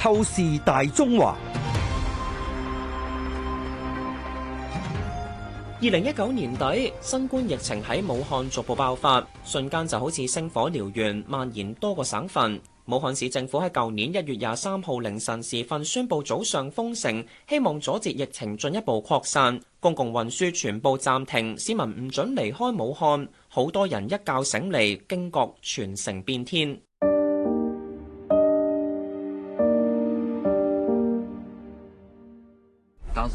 透視大中華。二零一九年底，新冠疫情喺武漢逐步爆發，瞬間就好似星火燎原，蔓延多個省份。武漢市政府喺舊年一月廿三號凌晨時分宣布早上封城，希望阻截疫情進一步擴散。公共運輸全部暫停，市民唔准離開武漢。好多人一覺醒嚟，驚覺全城變天。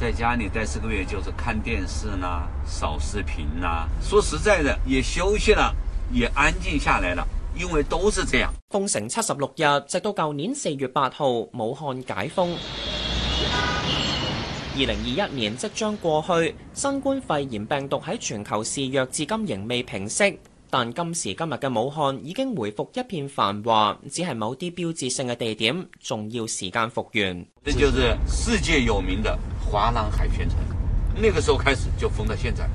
在家裏待四個月，就是看電視啦、啊，掃視頻啦、啊。說實在的，也休息了，也安靜下來了，因為都是這樣。封城七十六日，直到舊年四月八號，武漢解封。二零二一年即將過去，新冠肺炎病毒喺全球肆虐，至今仍未平息。但今時今日嘅武漢已經回復一片繁華，只係某啲標誌性嘅地點，仲要時間復原。這就是世界有名的。華南海鮮城，那個時候開始就封到現在。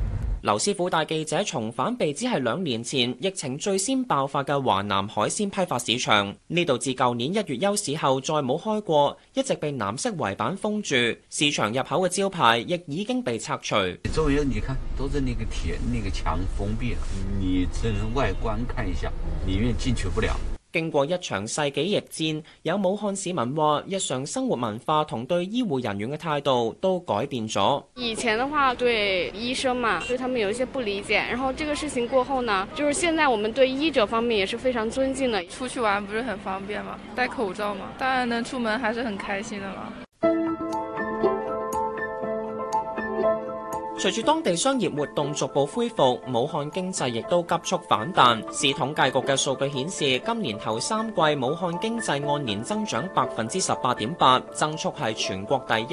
劉師傅帶記者重返被指係兩年前疫情最先爆發嘅華南海鮮批發市場，呢度自舊年一月休市後再冇開過，一直被藍色圍板封住，市場入口嘅招牌亦已經被拆除。周圍，你看，都是那個鐵、那個牆封閉了，你只能外觀看一下，裏面進去不了。經過一場世紀疫戰，有武漢市民話，日常生活文化同對醫護人員嘅態度都改變咗。以前的話對醫生嘛，對他們有一些不理解，然後呢個事情過後呢，就是現在我們對醫者方面也是非常尊敬的。出去玩不是很方便嘛，戴口罩嘛，當然能出門還是很開心的啦。隨住當地商業活動逐步恢復，武漢經濟亦都急速反彈。市統計局嘅數據顯示，今年頭三季武漢經濟按年增長百分之十八點八，增速係全國第一。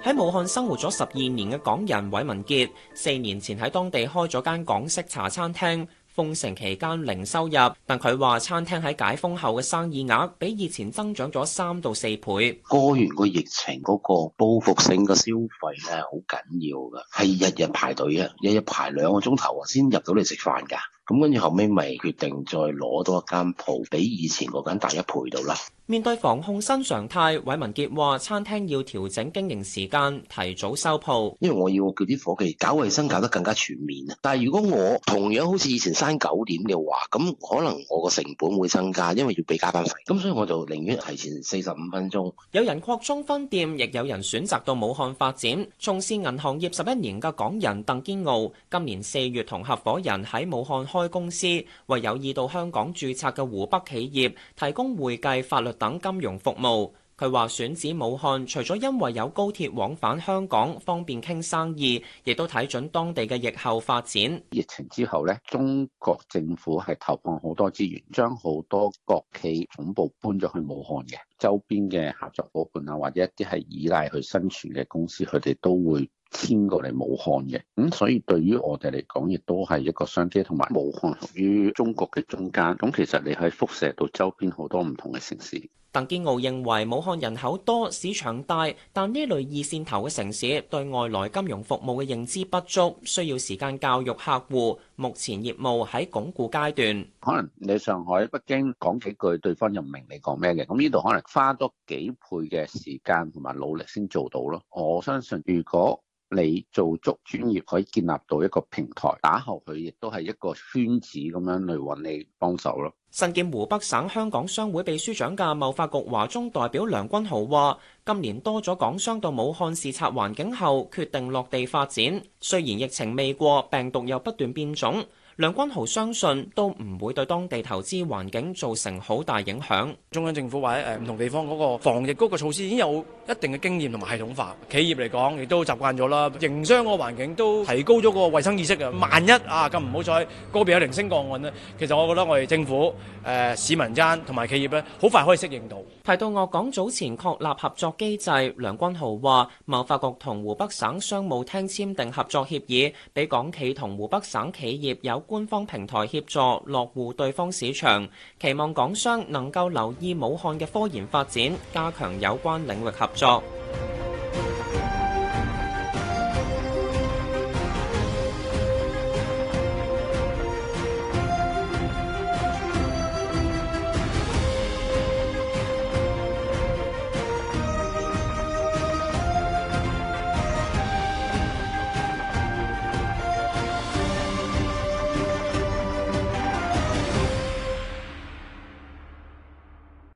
喺武漢生活咗十二年嘅港人韋文傑，四年前喺當地開咗間港式茶餐廳。封城期間零收入，但佢話餐廳喺解封後嘅生意額比以前增長咗三到四倍。過完個疫情嗰個報復性嘅消費咧，好緊要㗎，係日日排隊呀，日日排兩個鐘頭啊，先入到嚟食飯㗎。咁跟住後尾咪決定再攞多一間鋪，比以前嗰間大一倍到啦。面對防控新常態，韋文傑話：餐廳要調整經營時間，提早收鋪。因為我要叫啲伙計搞衞生搞得更加全面啊！但係如果我同樣好似以前閂九點嘅話，咁可能我個成本會增加，因為要俾加班費。咁所以我就寧願提前四十五分鐘。有人擴充分店，亦有人選擇到武漢發展。從事銀行業十一年嘅港人鄧堅傲，今年四月同合夥人喺武漢開公司，為有意到香港註冊嘅湖北企業提供會計法律、等金融服務，佢話選址武漢除咗因為有高鐵往返香港，方便傾生意，亦都睇準當地嘅疫後發展。疫情之後咧，中國政府係投放好多資源，將好多國企總部搬咗去武漢嘅周邊嘅合作夥伴啊，或者一啲係依賴去生存嘅公司，佢哋都會。遷過嚟武漢嘅，咁所以對於我哋嚟講，亦都係一個商機。同埋武漢屬於中國嘅中間，咁其實你係輻射到周邊好多唔同嘅城市。鄧建傲認為武漢人口多、市場大，但呢類二線頭嘅城市對外來金融服務嘅認知不足，需要時間教育客戶。目前業務喺鞏固階段，可能你上海、北京講幾句，對方又唔明你講咩嘅，咁呢度可能花多幾倍嘅時間同埋努力先做到咯。我相信如果你做足專業，可以建立到一個平台，打後佢亦都係一個圈子咁樣嚟揾你幫手咯。身兼湖北省香港商會秘書長嘅貿發局華中代表梁君豪話，今年多咗港商到武漢視察環境後，決定落地發展。雖然疫情未過，病毒又不斷變種。梁君豪相信都唔會對當地投資環境造成好大影響，中央政府或者誒唔同地方嗰個防疫嗰個措施已經有一定嘅經驗同埋系統化，企業嚟講亦都習慣咗啦。營商個環境都提高咗個衛生意識一啊！萬一啊，咁唔好彩嗰邊有零星個案咧，其實我覺得我哋政府、誒、呃、市民間同埋企業咧，好快可以適應到。提到鄂港早前確立合作機制，梁君豪話貿發局同湖北省商務廳簽訂合作協議，俾港企同湖北省企業有官方平台協助落戶對方市場，期望港商能夠留意武漢嘅科研發展，加強有關領域合作。